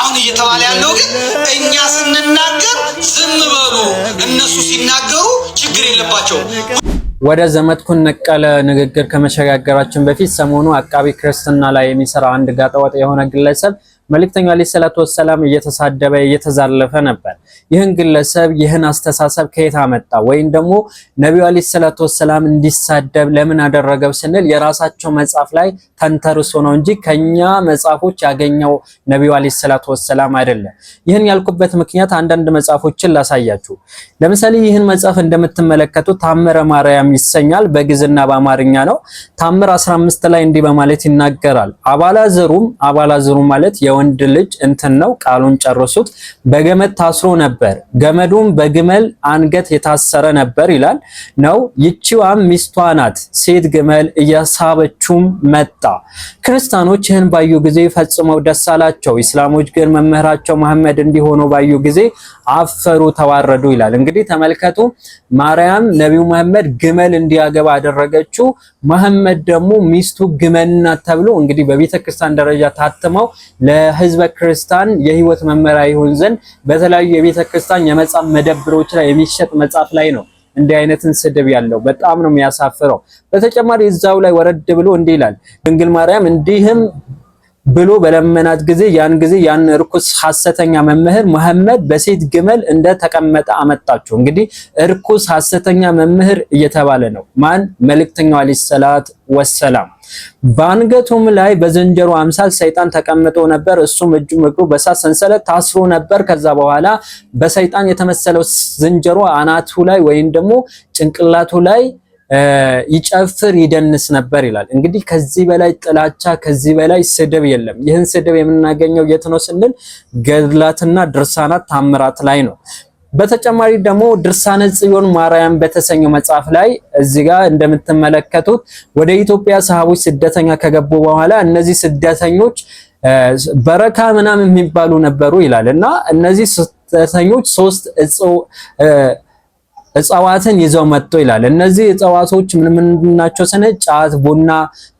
አሁን እየተባለ ያለው ግን እኛ ስንናገር ዝም በሉ፣ እነሱ ሲናገሩ ችግር የለባቸው። ወደ ዘመድኩን ነቀለ ንግግር ከመሸጋገራችን በፊት ሰሞኑ አቃቢ ክርስትና ላይ የሚሰራ አንድ ጋጠወጥ የሆነ ግለሰብ መልእክተኛው አለይሂ ሰላቱ ወሰላም እየተሳደበ እየተዛለፈ ነበር። ይህን ግለሰብ ይህን አስተሳሰብ ከየት አመጣ? ወይም ደግሞ ነቢዩ አለይሂ ሰላቱ ወሰላም እንዲሳደብ ለምን አደረገው ስንል የራሳቸው መጽሐፍ ላይ ተንተርሶ ነው እንጂ ከኛ መጽሐፎች ያገኘው ነቢዩ አለይሂ ሰላቱ ወሰላም አይደለም። ይህን ያልኩበት ምክንያት አንዳንድ መጽሐፎችን ላሳያችሁ። ለምሳሌ ይህን መጽሐፍ እንደምትመለከቱ ታምረ ማርያም ይሰኛል። በግዕዝና በአማርኛ ነው። ታምር 15 ላይ እንዲህ በማለት ይናገራል። አባላ ዘሩም አባላ ዘሩ ማለት የወንድ ልጅ እንትን ነው። ቃሉን ጨርሱት። በገመድ ታስሮ ነበር፣ ገመዱም በግመል አንገት የታሰረ ነበር ይላል ነው። ይቺዋም ሚስቷ ናት። ሴት ግመል እያሳበችም መጣ። ክርስቲያኖች ይህን ባዩ ጊዜ ፈጽመው ደስ አላቸው። ኢስላሞች ግን መምህራቸው መሐመድ እንዲሆኑ ባዩ ጊዜ አፈሩ፣ ተዋረዱ ይላል። እንግዲህ ተመልከቱ፣ ማርያም ነቢዩ መሐመድ ግመል እንዲያገባ አደረገችው። መሐመድ ደግሞ ሚስቱ ግመል ናት ተብሎ እንግዲህ በቤተክርስቲያን ደረጃ ታትመው ለህዝበ ክርስቲያን የህይወት መመሪያ ይሁን ዘንድ በተለያዩ የቤተ ክርስቲያን የመጽሐፍ መደብሮች ላይ የሚሸጥ መጽሐፍ ላይ ነው እንዲህ አይነትን ስድብ ያለው በጣም ነው የሚያሳፍረው። በተጨማሪ እዛው ላይ ወረድ ብሎ እንዲህ ይላል ድንግል ማርያም እንዲህም ብሎ በለመናት ጊዜ ያን ጊዜ ያን እርኩስ ሐሰተኛ መምህር መሐመድ በሴት ግመል እንደ ተቀመጠ አመጣቸው። እንግዲህ እርኩስ ሐሰተኛ መምህር እየተባለ ነው ማን መልእክተኛው አለይሂ ሰላት ወሰላም። በአንገቱም ላይ በዝንጀሮ አምሳል ሰይጣን ተቀምጦ ነበር። እሱም እጁ እግሩ በሳት ሰንሰለት ታስሮ ነበር። ከዛ በኋላ በሰይጣን የተመሰለው ዝንጀሮ አናቱ ላይ ወይም ደግሞ ጭንቅላቱ ላይ ይጨፍር ይደንስ ነበር ይላል። እንግዲህ ከዚህ በላይ ጥላቻ ከዚህ በላይ ስድብ የለም። ይህን ስድብ የምናገኘው የት ነው ስንል ገድላትና ድርሳናት ታምራት ላይ ነው። በተጨማሪ ደግሞ ድርሳነ ጽዮን ማርያም በተሰኘው መጽሐፍ ላይ እዚህ ጋር እንደምትመለከቱት ወደ ኢትዮጵያ ሰሃቦች ስደተኛ ከገቡ በኋላ እነዚህ ስደተኞች በረካ ምናምን የሚባሉ ነበሩ ይላል እና እነዚህ ስደተኞች ሶስት እጽዋትን ይዘው መጥቶ ይላል። እነዚህ እጽዋቶች ምን ምን ናቸው ስንል ጫት፣ ቡና፣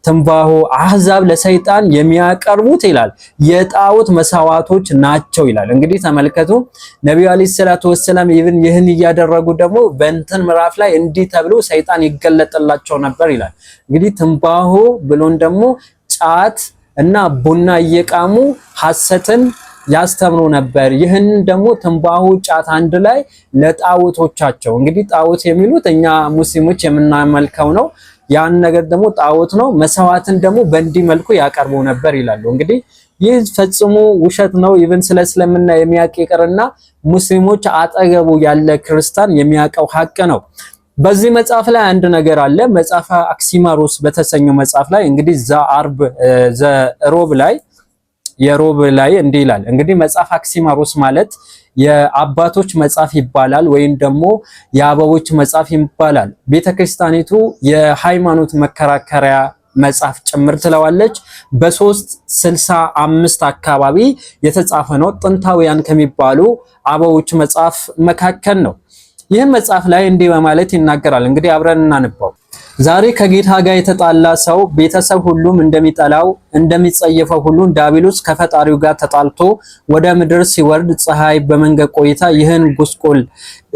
ትንባሆ፣ አህዛብ ለሰይጣን የሚያቀርቡት ይላል የጣዖት መሳዋቶች ናቸው ይላል። እንግዲህ ተመልከቱ ነቢዩ አለይሂ ሰላቱ ወሰላም ይብን ይህን እያደረጉ ደግሞ በእንትን ምዕራፍ ላይ እንዲህ ተብሎ ሰይጣን ይገለጥላቸው ነበር ይላል። እንግዲህ ትንባሆ ብሎን ደግሞ ጫት እና ቡና እየቃሙ ሐሰትን ያስተምሩ ነበር። ይህን ደግሞ ትንባሁ፣ ጫት አንድ ላይ ለጣዖቶቻቸው እንግዲህ ጣዖት የሚሉት እኛ ሙስሊሞች የምናመልከው ነው። ያን ነገር ደግሞ ጣዖት ነው። መሰዋትን ደግሞ በእንዲህ መልኩ ያቀርቡ ነበር ይላሉ። እንግዲህ ይህ ፈጽሞ ውሸት ነው። ኢብን ስለ እስልምና የሚያውቅ ይቅርና ሙስሊሞች አጠገቡ ያለ ክርስቲያን የሚያውቀው ሀቅ ነው። በዚህ መጽሐፍ ላይ አንድ ነገር አለ። መጽሐፈ አክሲማሮስ በተሰኘው መጽሐፍ ላይ እንግዲህ ዘ አርብ ዘ ሮብ ላይ የሮብ ላይ እንዲህ ይላል እንግዲህ መጽሐፍ አክሲማሮስ ማለት የአባቶች መጽሐፍ ይባላል ወይም ደግሞ የአበቦች መጽሐፍ ይባላል። ቤተክርስቲያኒቱ የሃይማኖት መከራከሪያ መጽሐፍ ጭምር ትለዋለች። በሶስት ስልሳ አምስት አካባቢ የተጻፈ ነው። ጥንታውያን ከሚባሉ አበቦች መጽሐፍ መካከል ነው። ይህም መጽሐፍ ላይ እንዲህ በማለት ይናገራል። እንግዲህ አብረን እናንባው። ዛሬ ከጌታ ጋር የተጣላ ሰው ቤተሰብ ሁሉም እንደሚጠላው እንደሚጸየፈው ሁሉ ዲያብሎስ ከፈጣሪው ጋር ተጣልቶ ወደ ምድር ሲወርድ ፀሐይ በመንገድ ቆይታ ይህን ጉስቁል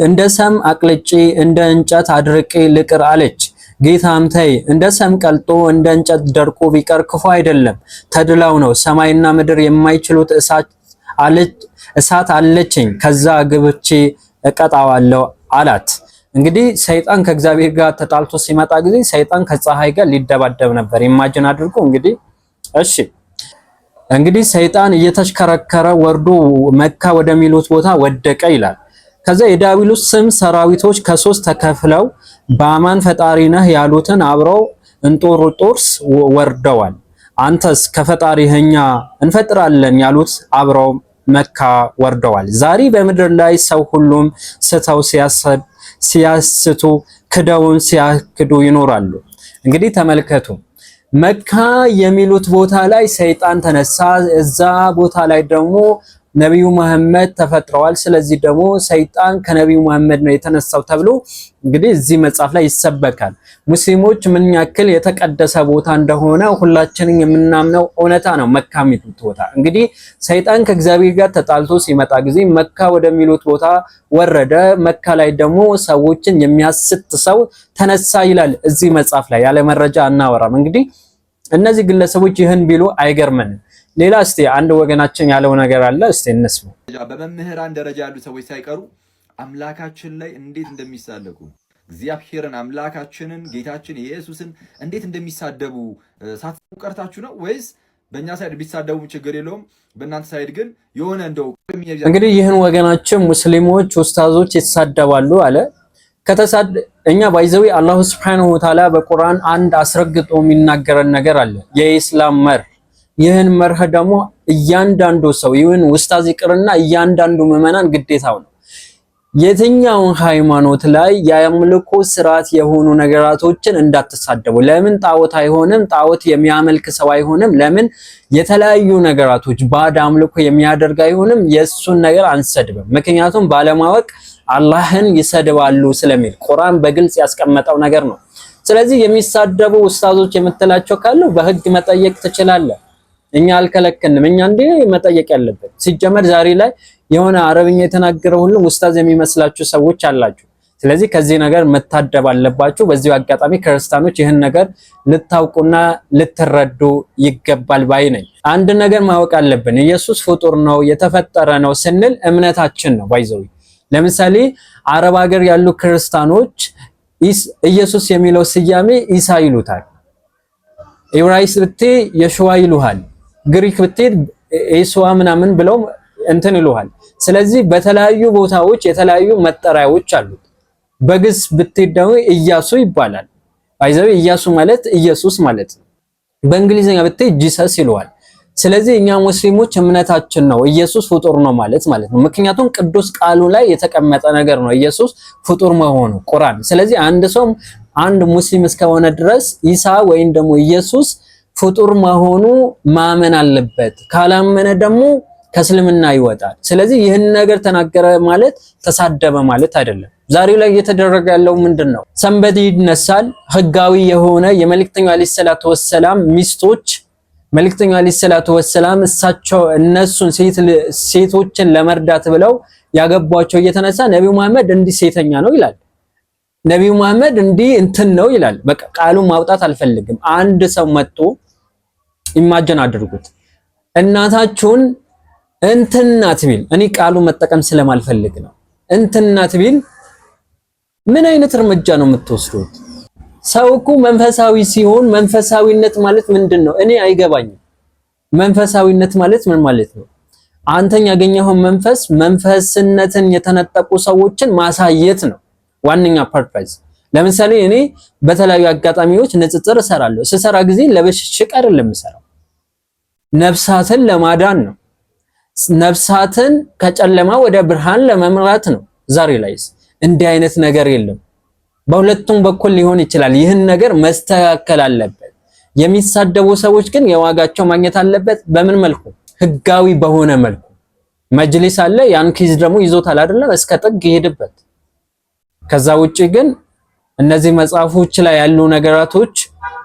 እንደ ሰም አቅልጬ እንደ እንጨት አድርቄ ልቅር አለች። ጌታም ተይ እንደ ሰም ቀልጦ እንደ እንጨት ደርቆ ቢቀር ክፉ አይደለም፣ ተድላው ነው። ሰማይና ምድር የማይችሉት እሳት አለችኝ፣ ከዛ ግብቼ እቀጣዋለሁ አላት። እንግዲህ ሰይጣን ከእግዚአብሔር ጋር ተጣልቶ ሲመጣ ጊዜ ሰይጣን ከፀሐይ ጋር ሊደባደብ ነበር። ኢማጅን አድርጎ እንግዲህ እሺ እንግዲህ ሰይጣን እየተሽከረከረ ወርዶ መካ ወደሚሉት ቦታ ወደቀ ይላል። ከዛ የዲያብሎስ ስም ሰራዊቶች ከሶስት ተከፍለው በአማን ፈጣሪ ነህ ያሉትን አብረው እንጦርጦርስ ወርደዋል። አንተስ ከፈጣሪ እኛ እንፈጥራለን ያሉት አብረው መካ ወርደዋል። ዛሬ በምድር ላይ ሰው ሁሉም ስተው ሲያሰብ ሲያስቱ ክደውን ሲያክዱ ይኖራሉ። እንግዲህ ተመልከቱ መካ የሚሉት ቦታ ላይ ሰይጣን ተነሳ። እዛ ቦታ ላይ ደግሞ ነቢዩ መሐመድ ተፈጥረዋል። ስለዚህ ደግሞ ሰይጣን ከነቢዩ መሐመድ ነው የተነሳው ተብሎ እንግዲህ እዚህ መጽሐፍ ላይ ይሰበካል። ሙስሊሞች ምን ያክል የተቀደሰ ቦታ እንደሆነ ሁላችንም የምናምነው እውነታ ነው። መካ የሚሉት ቦታ እንግዲህ ሰይጣን ከእግዚአብሔር ጋር ተጣልቶ ሲመጣ ጊዜ መካ ወደሚሉት ቦታ ወረደ። መካ ላይ ደግሞ ሰዎችን የሚያስት ሰው ተነሳ ይላል እዚህ መጽሐፍ ላይ። ያለ መረጃ አናወራም። እንግዲህ እነዚህ ግለሰቦች ይህን ቢሉ አይገርምንም። ሌላ እስቲ አንድ ወገናችን ያለው ነገር አለ፣ እስቲ እንስሙ። በመምህራን ደረጃ ያሉ ሰዎች ሳይቀሩ አምላካችን ላይ እንዴት እንደሚሳለቁ እግዚአብሔርን አምላካችንን ጌታችን ኢየሱስን እንዴት እንደሚሳደቡ ሳትሰሙ ቀርታችሁ ነው ወይስ በእኛ ሳይድ ቢሳደቡም ችግር የለውም፣ በእናንተ ሳይድ ግን የሆነ እንደው እንግዲህ ይህን ወገናችን ሙስሊሞች ኡስታዞች ይሳደባሉ አለ። ከተሳድ እኛ ባይዘዊ አላሁ ስብሐነሁ ወተዓላ በቁርአን አንድ አስረግጦ የሚናገረን ነገር አለ የኢስላም መር ይህን መርህ ደግሞ እያንዳንዱ ሰው ይህን ውስታዝ ይቅርና እያንዳንዱ ምዕመናን ግዴታው ነው። የትኛውን ሃይማኖት ላይ የአምልኮ ስርዓት የሆኑ ነገራቶችን እንዳትሳደቡ። ለምን ጣዖት አይሆንም፣ ጣዖት የሚያመልክ ሰው አይሆንም። ለምን የተለያዩ ነገራቶች ባዕድ አምልኮ የሚያደርግ አይሆንም። የእሱን ነገር አንሰድብም። ምክንያቱም ባለማወቅ አላህን ይሰድባሉ ስለሚል ቁርአን በግልጽ ያስቀመጠው ነገር ነው። ስለዚህ የሚሳደቡ ውስታዞች የምትላቸው ካሉ በህግ መጠየቅ ትችላለህ። እኛ አልከለከልንም። እኛ እንዴ መጠየቅ ያለበት ሲጀመር፣ ዛሬ ላይ የሆነ አረብኛ የተናገረ ሁሉም ኡስታዝ የሚመስላችሁ ሰዎች አላችሁ። ስለዚህ ከዚህ ነገር መታደብ አለባችሁ። በዚህ አጋጣሚ ክርስቲያኖች ይህን ነገር ልታውቁና ልትረዱ ይገባል ባይ ነኝ። አንድ ነገር ማወቅ አለብን። ኢየሱስ ፍጡር ነው የተፈጠረ ነው ስንል እምነታችን ነው ባይዘው። ለምሳሌ አረብ ሀገር ያሉ ክርስቲያኖች ኢየሱስ የሚለው ስያሜ ኢሳ ይሉታል። ኢብራሂም ብቴ የሸዋ ይሉሃል። ግሪክ ብትሄድ ኢየሱዋ ምናምን ብለው እንትን ይሉሃል። ስለዚህ በተለያዩ ቦታዎች የተለያዩ መጠሪያዎች አሉት። በግስ ብትሄድ ደግሞ ኢያሱ ይባላል። አይዘው ኢያሱ ማለት ኢየሱስ ማለት ነው። በእንግሊዝኛ ብትሄድ ጂሰስ ይሉሃል። ስለዚህ እኛ ሙስሊሞች እምነታችን ነው ኢየሱስ ፍጡር ነው ማለት ማለት ነው። ምክንያቱም ቅዱስ ቃሉ ላይ የተቀመጠ ነገር ነው ኢየሱስ ፍጡር መሆኑ ቁርአን። ስለዚህ አንድ ሰው አንድ ሙስሊም እስከሆነ ድረስ ኢሳ ወይም ደግሞ ኢየሱስ ፍጡር መሆኑ ማመን አለበት። ካላመነ ደግሞ ከእስልምና ይወጣል። ስለዚህ ይህን ነገር ተናገረ ማለት ተሳደበ ማለት አይደለም። ዛሬው ላይ እየተደረገ ያለው ምንድን ነው? ሰንበት ይነሳል። ህጋዊ የሆነ የመልእክተኛው አለይሂ ሰላቱ ወሰላም ሚስቶች መልእክተኛው አለይሂ ሰላቱ ወሰላም እሳቸው እነሱን ሴቶችን ለመርዳት ብለው ያገቧቸው እየተነሳ ነቢዩ መሐመድ እንዲህ ሴተኛ ነው ይላል። ነቢዩ መሐመድ እንዲህ እንትን ነው ይላል። በቃ ቃሉን ማውጣት አልፈልግም። አንድ ሰው መጥቶ ኢማጀን አድርጉት እናታችሁን እንትናት ቢል፣ እኔ ቃሉ መጠቀም ስለማልፈልግ ነው። እንትናት ቢል ምን አይነት እርምጃ ነው የምትወስዱት? ሰው እኮ መንፈሳዊ ሲሆን መንፈሳዊነት ማለት ምንድን ነው? እኔ አይገባኝም። መንፈሳዊነት ማለት ምን ማለት ነው? አንተን ያገኘኸውን መንፈስ መንፈስነትን የተነጠቁ ሰዎችን ማሳየት ነው። ዋነኛ ፐርፐዝ። ለምሳሌ እኔ በተለያዩ አጋጣሚዎች ንጽጽር እሰራለሁ። ስሰራ ጊዜ ለብሽሽቅ አይደለም የምሰራው፣ ነፍሳትን ለማዳን ነው። ነፍሳትን ከጨለማ ወደ ብርሃን ለመምራት ነው። ዛሬ ላይስ እንዲህ አይነት ነገር የለም። በሁለቱም በኩል ሊሆን ይችላል። ይህን ነገር መስተካከል አለበት። የሚሳደቡ ሰዎች ግን የዋጋቸው ማግኘት አለበት። በምን መልኩ? ህጋዊ በሆነ መልኩ። መጅሊስ አለ። ያን ኬዝ ደግሞ ይዞታል አይደለም፣ እስከ ጥግ ይሄድበት። ከዛ ውጪ ግን እነዚህ መጽሐፎች ላይ ያሉ ነገራቶች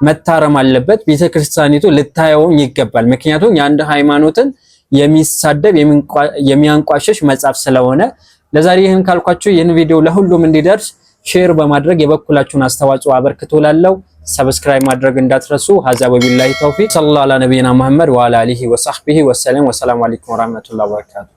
መታረም አለበት። ቤተክርስቲያኒቱ ልታየውም ይገባል። ምክንያቱም የአንድ ሃይማኖትን የሚሳደብ የሚያንቋሸሽ መጽሐፍ ስለሆነ ለዛሬ ይህን ካልኳችሁ፣ ይህን ቪዲዮ ለሁሉም እንዲደርስ ሼር በማድረግ የበኩላችሁን አስተዋጽኦ አበርክቶ ላለው ሰብስክራይብ ማድረግ እንዳትረሱ። ሀዛ ወቢላሂ ተውፊቅ ሰለላሁ ዐለ ነቢይና መሐመድ ወዐላ አሊሂ ወሰሐቢሂ ወሰለም። ወሰላሙ አለይኩም ወራህመቱላሂ ወበረካቱ